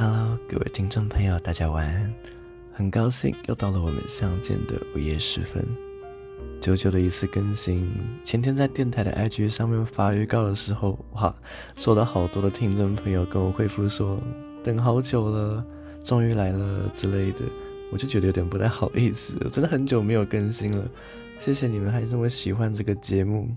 Hello，各位聽眾朋友，大家晚安。很高興又到了我們相見的午夜時分，久久的一次更新。前天在電台的 IG 上面發預告的時候，哇，收到好多的聽眾朋友跟我回復說等好久了，終於來了之類的，我就覺得有點不太好意思。我真的很久沒有更新了，謝謝你們還這麼喜歡這個節目，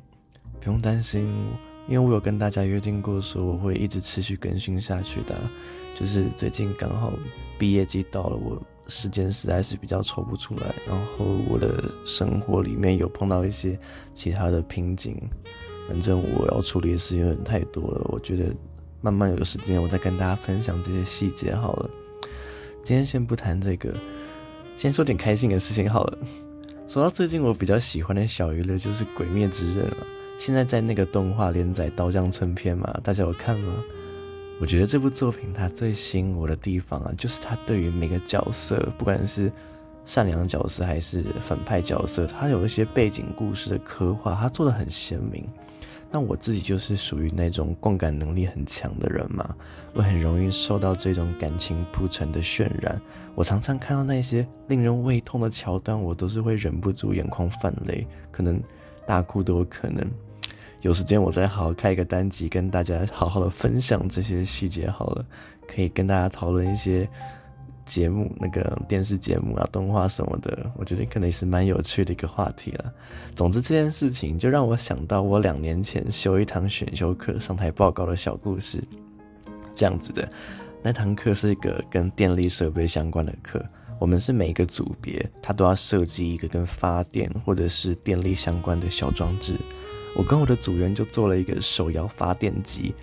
不用擔心。因為我有跟大家約定過，說我會一直持續更新下去的啊，就是最近剛好畢業季到了，我時間實在是比較抽不出來，然後我的生活裡面有碰到一些其他的瓶頸，反正我要處理的事情有點太多了，我覺得慢慢有時間我再跟大家分享這些細節好了。今天先不談這個，先說點開心的事情好了。說到最近我比較喜歡的小娛樂，就是《鬼滅之刃》了啊。現在在那個動畫連載《刀匠村》篇嘛，大家有看嗎？我覺得這部作品它最吸引我的地方啊，就是它對於每個角色，不管是善良角色還是反派角色，它有一些背景故事的刻畫，它做得很鮮明。那我自己就是屬於那種共感能力很強的人嘛，我很容易受到這種感情鋪陳的渲染。我常常看到那些令人胃痛的橋段，我都是會忍不住眼眶泛淚，可能大哭都有可能。有時間我再好好開一個單集，跟大家好好的分享這些細節。好了，可以跟大家討論一些節目，那個電視節目啊、動畫什麼的，我覺得可能也是蠻有趣的一個話題了。總之這件事情就讓我想到我兩年前修一堂選修課上台報告的小故事，這樣子的。那堂課是一個跟電力設備相關的課，我們是每一個組別，他都要設計一個跟發電或者是電力相關的小裝置。我跟我的組員就做了一個手搖發電機，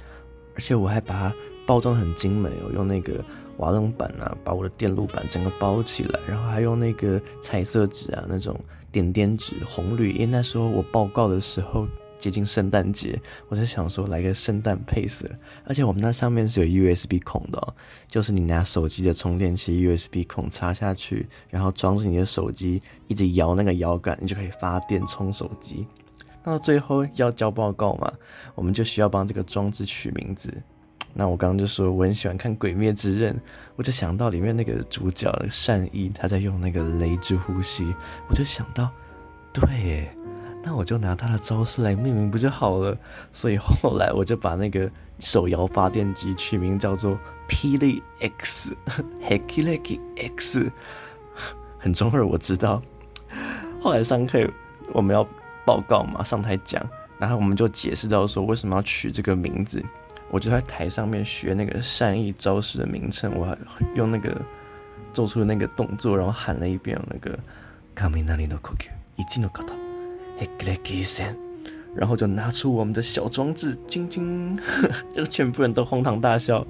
而且我還把它包裝很精美。我用那個瓦楞板啊，把我的電路板整個包起來，然後還用那個彩色紙啊，那種點點紙，紅綠，因為那時候我報告的時候接近聖誕節，我在想說來個聖誕配色，而且我們那上面是有 USB 孔的哦，就是你拿手機的充電器 USB 孔插下去，然後裝着你的手機，一直搖那個搖桿，你就可以發電充手機。那最後要交報告嘛，我們就需要幫這個裝置取名字。那我剛剛就說我很喜歡看《鬼滅之刃》，我就想到裡面那個主角的善逸，他在用那個雷之呼吸，我就想到，對耶，那我就拿他的招式來命名不就好了？所以後來我就把那個手搖發電機取名叫做霹靂 X，Hikikik X，很中二，我知道。後來上課我們要報告嘛，上台講，然後我們就解釋到說為什麼要取這個名字。我就在台上面學那個善意招式的名稱，我用那個做出那個動作，然後喊了一遍那個 “kaminari no kokyu ichi no kata hekireki issen”，然後就拿出我們的小裝置，晶晶，就 全部人都哄堂大笑。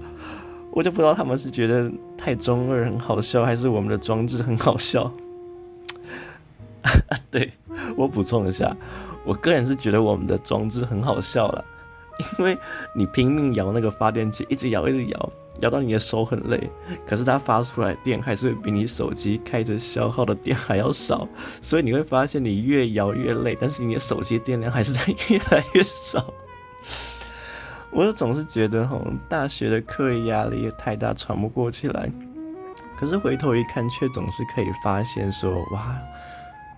我就不知道他們是覺得太中二很好笑，還是我們的裝置很好笑。對，我補充一下，我個人是覺得我們的裝置很好笑了，因為你拼命搖那個發電機，一直搖，一直搖，搖到你的手很累，可是它發出來電還是會比你手機開着消耗的電還要少，所以你會發現你越搖越累，但是你的手機電量還是在越來越少。我總是覺得吼，大學的課業壓力也太大，喘不過氣來，可是回頭一看，卻總是可以發現說，哇。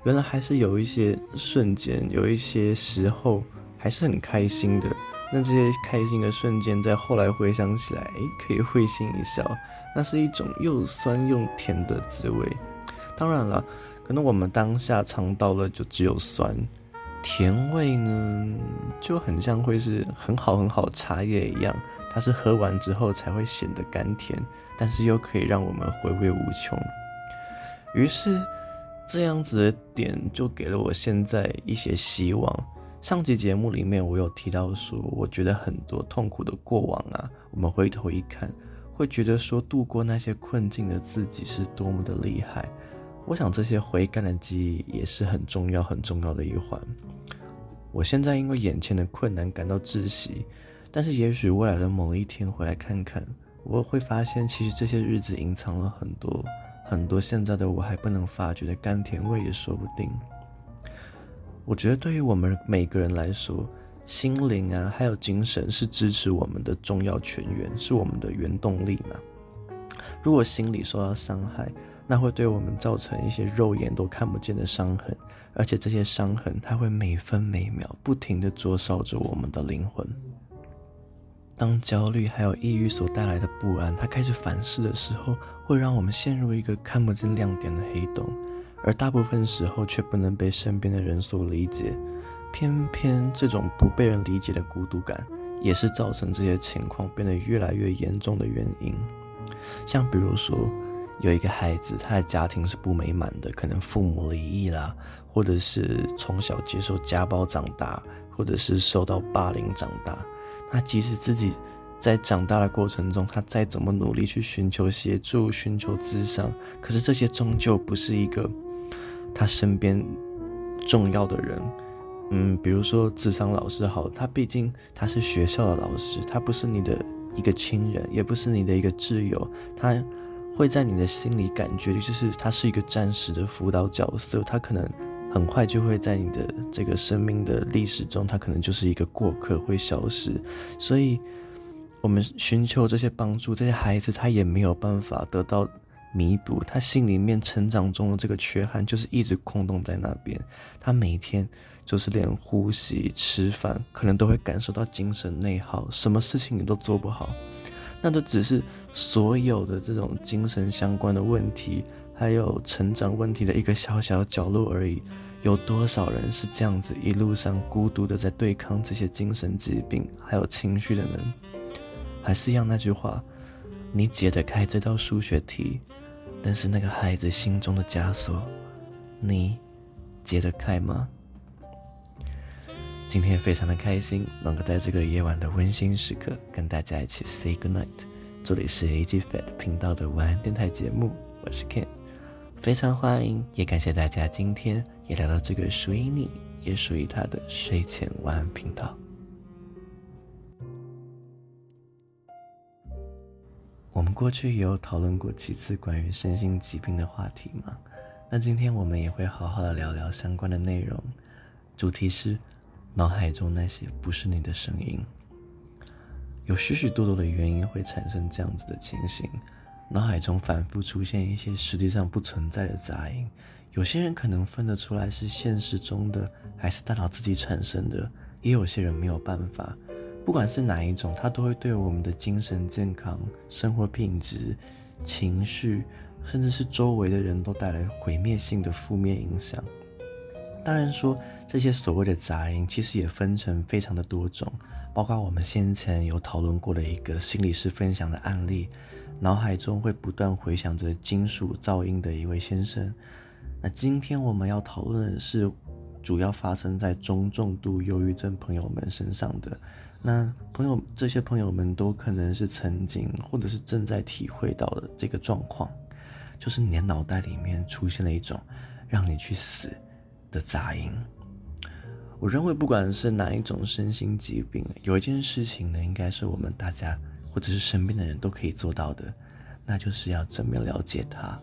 原來還是有一些瞬間，有一些時候還是很開心的。那這些開心的瞬間，在後來回想起來，可以會心一笑。那是一種又酸又甜的滋味。當然了，可能我們當下嘗到了就只有酸，甜味呢就很像會是很好很好茶葉一樣，它是喝完之後才會顯得甘甜，但是又可以讓我們回味無窮。於是，這樣子的點就給了我現在一些希望。上期節目裡面我有提到說，我覺得很多痛苦的過往啊，我們回頭一看，會覺得說度過那些困境的自己是多麼的厲害。我想這些回甘的記憶也是很重要、很重要的一環。我現在因為眼前的困難感到窒息，但是也許未來的某一天回來看看，我會發現其實這些日子隱藏了很多。很多現在的我還不能發覺的甘甜味也說不定。我覺得對於我們每個人來說，心靈啊，還有精神是支持我們的重要泉源，是我們的原動力嘛。如果心裡受到傷害，那會對我們造成一些肉眼都看不見的傷痕，而且這些傷痕它會每分每秒不停地灼燒着我們的靈魂。當焦慮還有抑鬱所帶來的不安，他開始反思的時候，會讓我們陷入一個看不見亮點的黑洞，而大部分時候卻不能被身邊的人所理解。偏偏這種不被人理解的孤獨感，也是造成這些情況變得越來越嚴重的原因。像比如說，有一個孩子，他的家庭是不美滿的，可能父母離異啦，或者是從小接受家暴長大，或者是受到霸凌長大。他即使自己在長大的過程中，他再怎麼努力去尋求協助、尋求諮商，可是這些終究不是一個他身邊重要的人。嗯，比如說諮商老師好，他畢竟他是學校的老師，他不是你的一個親人，也不是你的一個摯友，他會在你的心裡感覺就是他是一個暫時的輔導角色，他可能。很快就會在你的這個生命的歷史中，他可能就是一個過客，會消失。所以，我們尋求這些幫助，這些孩子他也沒有辦法得到彌補，他心裡面成長中的這個缺憾，就是一直空洞在那邊。他每天就是連呼吸、吃飯，可能都會感受到精神內耗，什麼事情你都做不好。那都只是所有的這種精神相關的問題。還有成長問題的一個小小角落而已。有多少人是這樣子，一路上孤獨的在對抗這些精神疾病還有情緒的呢？還是一樣那句話：你解得開這道數學題，但是那個孩子心中的枷鎖，你解得開嗎？今天非常的開心，能夠在這個夜晚的溫馨時刻跟大家一起 say good night。這裡是 A G Fat 頻道的晚安電台節目，我是 Ken。非常歡迎，也感謝大家今天也來到這個屬於你也屬於他的睡前晚安頻道。我們過去也有討論過幾次關於身心疾病的話題嘛，那今天我們也會好好的聊聊相關的內容。主題是腦海中那些不是你的聲音，有許許多多的原因會產生這樣子的情形。腦海中反復出現一些實際上不存在的雜音，有些人可能分得出來是現實中的還是大腦自己產生的，也有些人沒有辦法。不管是哪一種，它都會對我們的精神健康、生活品質、情緒，甚至是周圍的人都帶來毀滅性的負面影響。當然說，這些所謂的雜音其實也分成非常的多種，包括我們先前有討論過的一個心理師分享的案例。腦海中會不斷回響着金屬噪音的一位先生。那今天我們要討論的是，主要發生在中重度憂鬱症朋友們身上的。那朋友，這些朋友們都可能是曾經或者是正在體會到的這個狀況，就是你的腦袋裡面出現了一種讓你去死的雜音。我認為，不管是哪一種身心疾病，有一件事情呢，應該是我們大家。或者是身邊的人都可以做到的，那就是要正面了解他，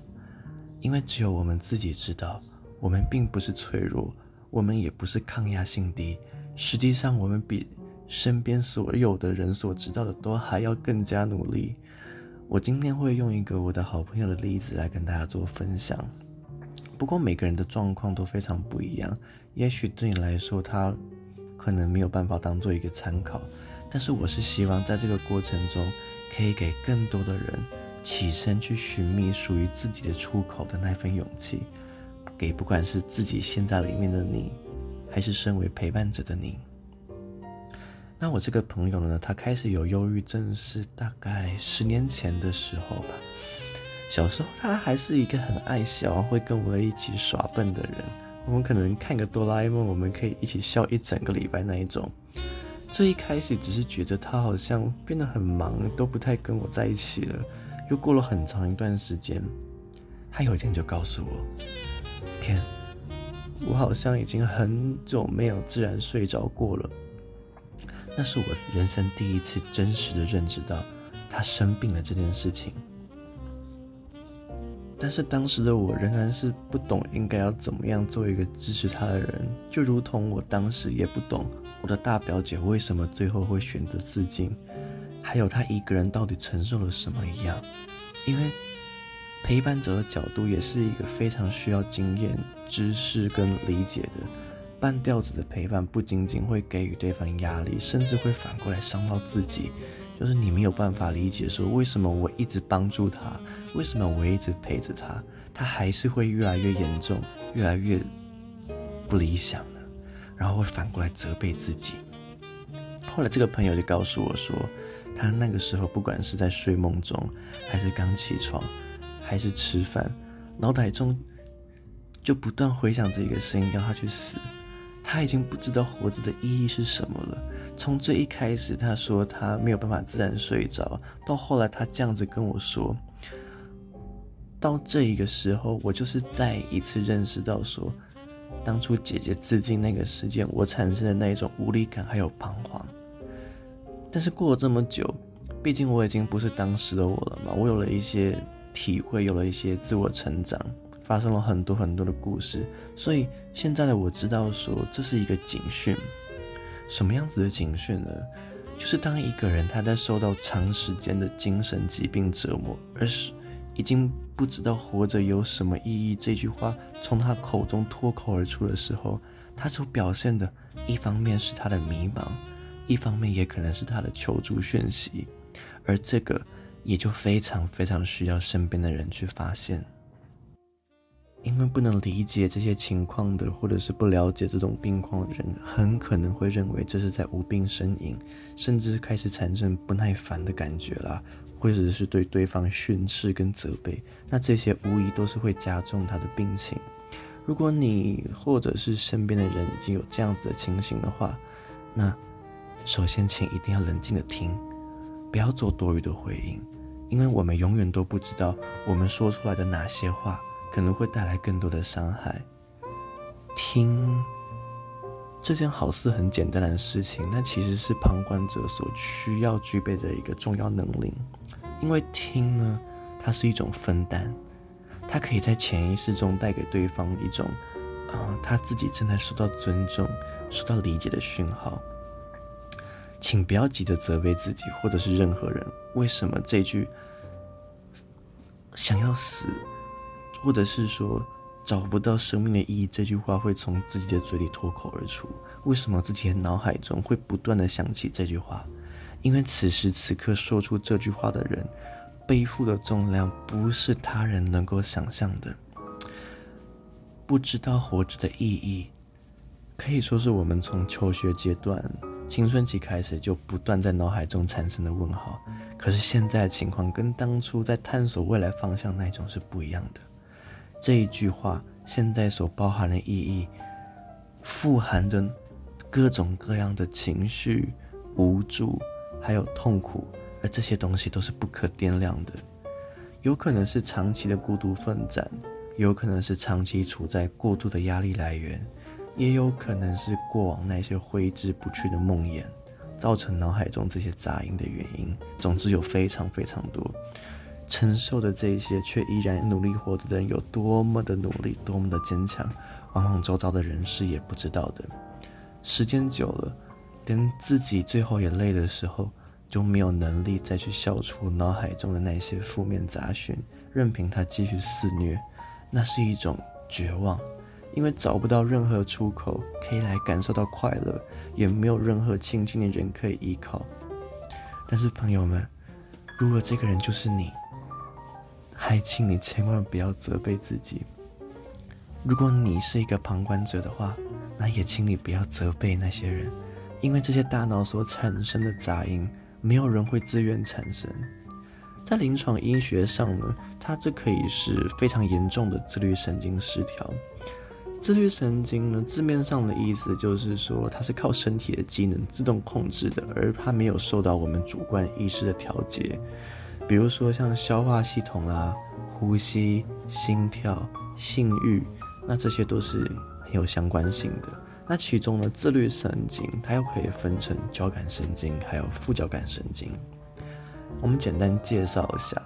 因為只有我們自己知道，我們並不是脆弱，我們也不是抗壓性低，實際上我們比身邊所有的人所知道的都還要更加努力。我今天會用一個我的好朋友的例子來跟大家做分享，不過每個人的狀況都非常不一樣，也許對你來說他。可能沒有辦法當做一個參考，但是我是希望在這個過程中，可以給更多的人起身去尋覓屬於自己的出口的那份勇氣，給不管是自己陷在裡面的你，還是身為陪伴者的你。那我這個朋友呢，他開始有憂鬱症是大概十年前的時候吧。小時候他還是一個很愛笑、會跟我一起耍笨的人。我們可能看個哆啦 A 夢，我們可以一起笑一整個禮拜那一種。最一開始只是覺得他好像變得很忙，都不太跟我在一起了。又過了很長一段時間，他有一天就告訴我，“Okay，我好像已經很久沒有自然睡着過了。”那是我人生第一次真實的認知到他生病了這件事情。但是當時的我仍然是不懂應該要怎麼樣做一個支持他的人，就如同我當時也不懂我的大表姐為什麼最後會選擇自盡，還有她一個人到底承受了什麼一樣。因為陪伴者的角度也是一個非常需要經驗、知識跟理解的。半吊子的陪伴不僅僅會給予對方壓力，甚至會反過來傷到自己。就是你沒有辦法理解，說為什麼我一直幫助他，為什麼我一直陪着他，他還是會越來越嚴重，越來越不理想呢？然後會反過來責備自己。後來這個朋友就告訴我說，他那個時候不管是在睡夢中，還是剛起床，還是吃飯，腦袋中就不斷迴響這個聲音，要他去死。他已經不知道活着的意義是什麼了。從這一開始，他說他沒有辦法自然睡着，到後來他這樣子跟我說，到這一個時候，我就是再一次認識到說，當初姐姐自盡那個時間，我產生的那一種無力感還有彷徨。但是過了這麼久，畢竟我已經不是當時的我了嘛，我有了一些體會，有了一些自我成長。發生了很多很多的故事，所以現在的我知道說這是一個警訊，什麼樣子的警訊呢？就是當一個人他在受到長時間的精神疾病折磨，而是已經不知道活着有什麼意義，這句話從他口中脫口而出的時候，他所表現的，一方面是他的迷茫，一方面也可能是他的求助訊息，而這個也就非常非常需要身邊的人去發現。因為不能理解這些情況的，或者是不了解這種病況的人，很可能會認為這是在無病呻吟，甚至開始產生不耐煩的感覺啦，或者是對對方訓斥跟責備。那這些無疑都是會加重他的病情。如果你或者是身邊的人已經有這樣子的情形的話，那首先請一定要冷靜的聽，不要做多餘的回應，因為我們永遠都不知道我們說出來的哪些話。可能會帶來更多的傷害。聽，這件好似很簡單的事情，那其實是旁觀者所需要具備的一個重要能力。因為聽呢，它是一種分擔，它可以在潛意識中帶給對方一種，啊、呃，他自己正在受到尊重、受到理解的訊號。請不要急着責備自己或者是任何人。為什麼這句想要死？或者是說找不到生命的意義，這句話會從自己的嘴裡脫口而出。為什麼自己的腦海中會不斷的想起這句話？因為此時此刻說出這句話的人，背負的重量，不是他人能夠想象的。不知道活着的意義，可以說是我們從求學階段、青春期開始就不斷在腦海中產生的問號。可是現在的情況跟當初在探索未來方向那一種是不一樣的。這一句話現在所包含的意義，富含着各種各樣的情緒，無助，還有痛苦，而這些東西都是不可掂量的。有可能是長期的孤獨奮戰，有可能是長期處在過度的壓力來源，也有可能是過往那些揮之不去的夢魘，造成腦海中這些雜音的原因。總之，有非常非常多。承受的這些，卻依然努力活着的人有多麼的努力，多麼的堅強，往往周遭的人是也不知道的。時間久了，連自己最後也累的時候，就沒有能力再去消除腦海中的那些負面雜訊，任憑它繼續肆虐。那是一種絕望，因為找不到任何出口可以來感受到快樂，也沒有任何親近的人可以依靠。但是朋友們，如果這個人就是你，還請你千萬不要責備自己。如果你是一個旁觀者的話，那也請你不要責備那些人，因為這些大腦所產生的雜音，沒有人會自願產生。在臨床醫學上呢，它這可以是非常嚴重的自律神經失調。自律神經呢，字面上的意思就是說，它是靠身體的機能自動控制的，而它沒有受到我們主觀意識的調節。比如說像消化系統啊、呼吸、心跳、性慾，那這些都是很有相關性的。那其中呢，自律神經它又可以分成交感神經還有副交感神經。我們簡單介紹一下，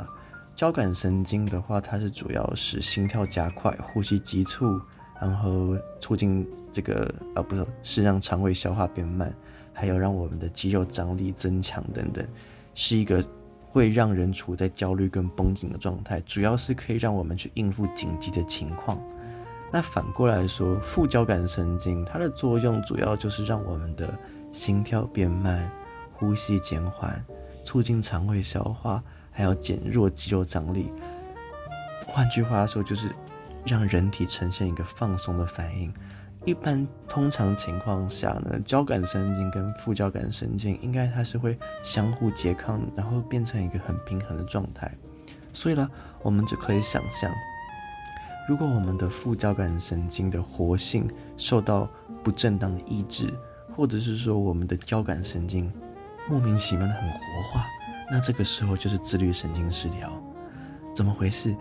交感神經的話，它是主要使心跳加快、呼吸急促，然後促進這個啊、呃、不是，是讓腸胃消化變慢，還有讓我們的肌肉張力增強等等，是一個。會讓人處在焦慮跟繃緊的狀態，主要是可以讓我們去應付緊急的情況。那反過來說，副交感神經它的作用主要就是讓我們的心跳變慢、呼吸減緩、促進腸胃消化，還有減弱肌肉張力。換句話說，就是讓人體呈現一個放鬆的反應。一般通常情況下呢，交感神經跟副交感神經應該它是會相互拮抗，然後變成一個很平衡的狀態。所以呢，我們就可以想象，如果我們的副交感神經的活性受到不正當的抑制，或者是說我們的交感神經莫名其妙的很活化，那這個時候就是自律神經失調。怎麼回事？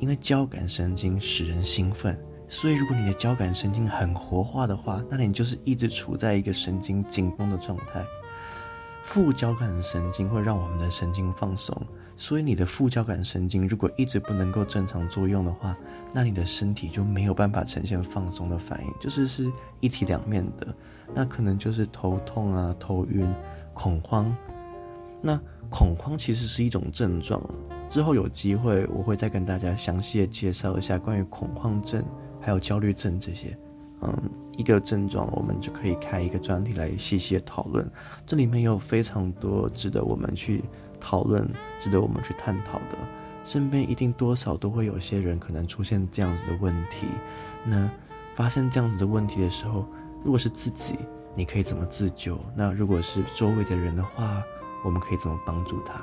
因為交感神經使人興奮。所以，如果你的交感神經很活化的話，那你就是一直處在一個神經緊繃的狀態。副交感神經會讓我們的神經放鬆，所以你的副交感神經如果一直不能夠正常作用的話，那你的身體就沒有辦法呈現放鬆的反應，就是是一體兩面的。那可能就是頭痛啊、頭暈、恐慌。那恐慌其實是一種症狀。之後有機會我會再跟大家詳細的介紹一下關於恐慌症。還有焦慮症這些，嗯，一個症狀我們就可以開一個專題來細細的討論。這裡面有非常多值得我們去討論、值得我們去探討的。身邊一定多少都會有些人可能出現這樣子的問題。那發現這樣子的問題的時候，如果是自己，你可以怎麼自救？那如果是周圍的人的話，我們可以怎麼幫助他？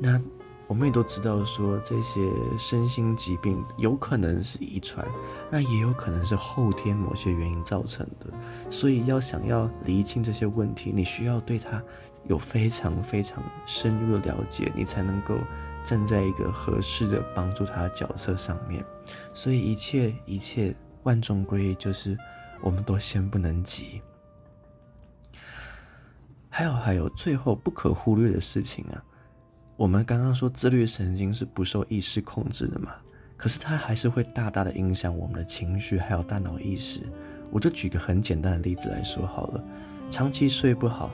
那。我們也都知道說，說這些身心疾病有可能是遺傳，那也有可能是後天某些原因造成的。所以要想要釐清這些問題，你需要對他有非常非常深入的了解，你才能夠站在一個合適的幫助他的角色上面。所以一切一切萬眾歸一，就是我們都先不能急。還有還有，最後不可忽略的事情啊。我們剛剛說自律神經是不受意識控制的嘛，可是它還是會大大的影響我們的情緒，還有大腦意識。我就舉個很簡單的例子來說好了，長期睡不好，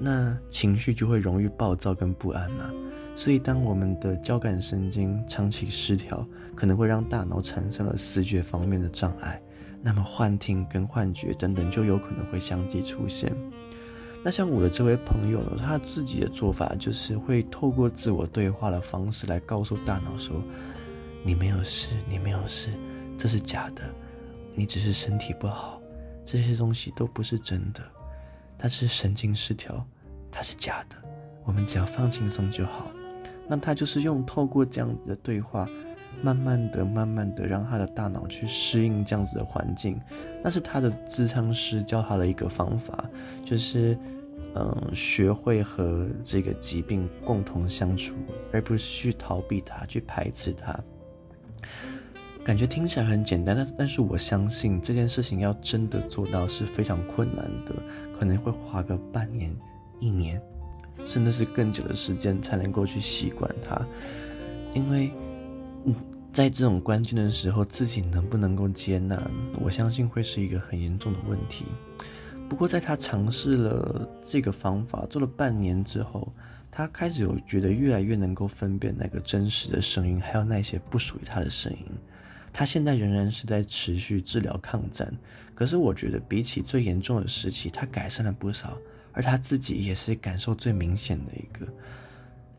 那情緒就會容易暴躁跟不安嘛。所以當我們的交感神經長期失調，可能會讓大腦產生了思覺方面的障礙，那麼幻聽跟幻覺等等就有可能會相繼出現。那像我的這位朋友呢，他自己的做法就是會透過自我對話的方式來告訴大腦說：“你沒有事，你沒有事，這是假的，你只是身體不好，這些東西都不是真的。它是神經失調，它是假的，我們只要放輕鬆就好。”那他就是用透過這樣子的對話。慢慢的，慢慢的，讓他的大腦去適應這樣子的環境，那是他的諮商師教他的一個方法，就是，嗯，學會和這個疾病共同相處，而不是去逃避它，去排斥它。感覺聽起來很簡單，但但是我相信這件事情要真的做到是非常困難的，可能會花個半年、一年，甚至是更久的時間才能夠去習慣它，因為。嗯，在這種關鍵的時候，自己能不能夠接納，我相信會是一個很嚴重的問題。不過，在他嘗試了這個方法，做了半年之後，他開始有覺得越來越能夠分辨那個真實的聲音，還有那些不屬於他的聲音。他現在仍然是在持續治療、抗戰。可是我覺得比起最嚴重的時期，他改善了不少，而他自己也是感受最明顯的一個。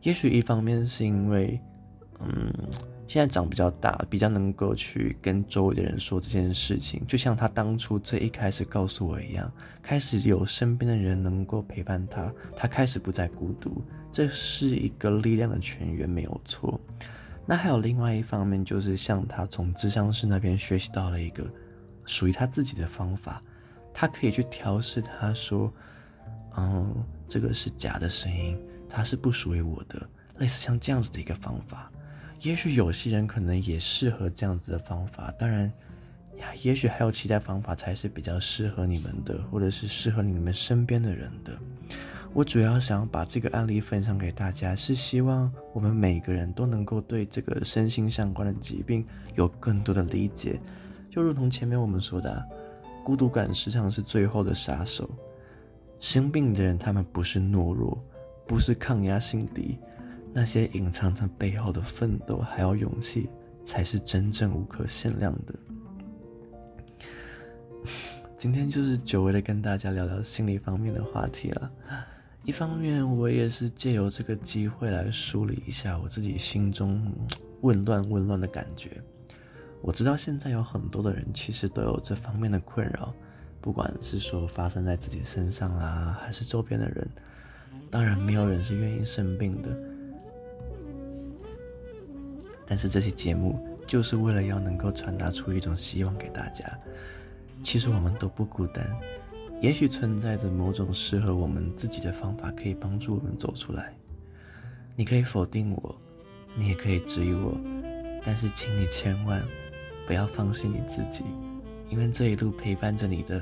也許一方面是因為，嗯。現在長比較大，比較能夠去跟周圍的人說這件事情，就像他當初這一開始告訴我一樣，開始有身邊的人能夠陪伴他，他開始不再孤獨，這是一個力量的泉源，沒有錯。那還有另外一方面，就是像他從諮商室那邊學習到了一個屬於他自己的方法，他可以去調試。他說：“嗯，這個是假的聲音，它是不屬於我的，類似像這樣子的一個方法。”也許有些人可能也適合這樣子的方法，當然，呀，也許還有其他方法才是比較適合你們的，或者是適合你們身邊的人的。我主要想把這個案例分享給大家，是希望我們每個人都能夠對這個身心相關的疾病有更多的理解。就如同前面我們說的，啊，孤獨感實際上是最後的殺手。生病的人，他們不是懦弱，不是抗壓性低。那些隱藏在背後的奮鬥，還有勇氣，才是真正無可限量的。今天就是久違的跟大家聊聊心理方面的話題了。一方面，我也是借由這個機會來梳理一下我自己心中混亂、混亂的感覺。我知道現在有很多的人其實都有這方面的困擾，不管是說發生在自己身上啊，還是周邊的人。當然，沒有人是願意生病的。但是這期節目就是為了要能夠傳達出一種希望給大家。其實我們都不孤單，也許存在着某種適合我們自己的方法可以幫助我們走出來。你可以否定我，你也可以質疑我，但是請你千萬不要放棄你自己，因為這一路陪伴着你的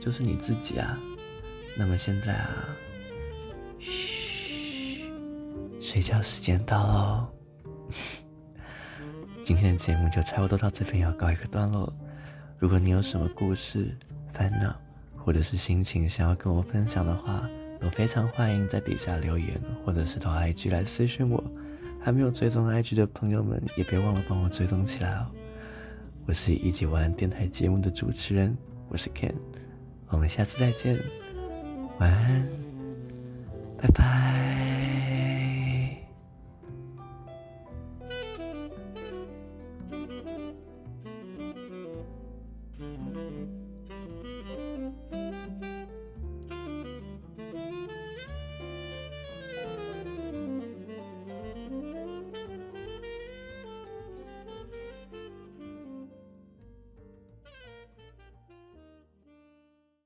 就是你自己啊。那麼現在啊，嘘，睡覺時間到嘍、哦。 今天的節目就差不多到這邊要告一個段落。如果你有什麼故事、煩惱或者是心情想要跟我分享的話，都非常歡迎在底下留言，或者是到 IG 來私訊我。還沒有追蹤 IG 的朋友們，也別忘了幫我追蹤起來哦。我是一起玩電台節目的主持人，我是 Ken。我們下次再見，晚安，拜拜。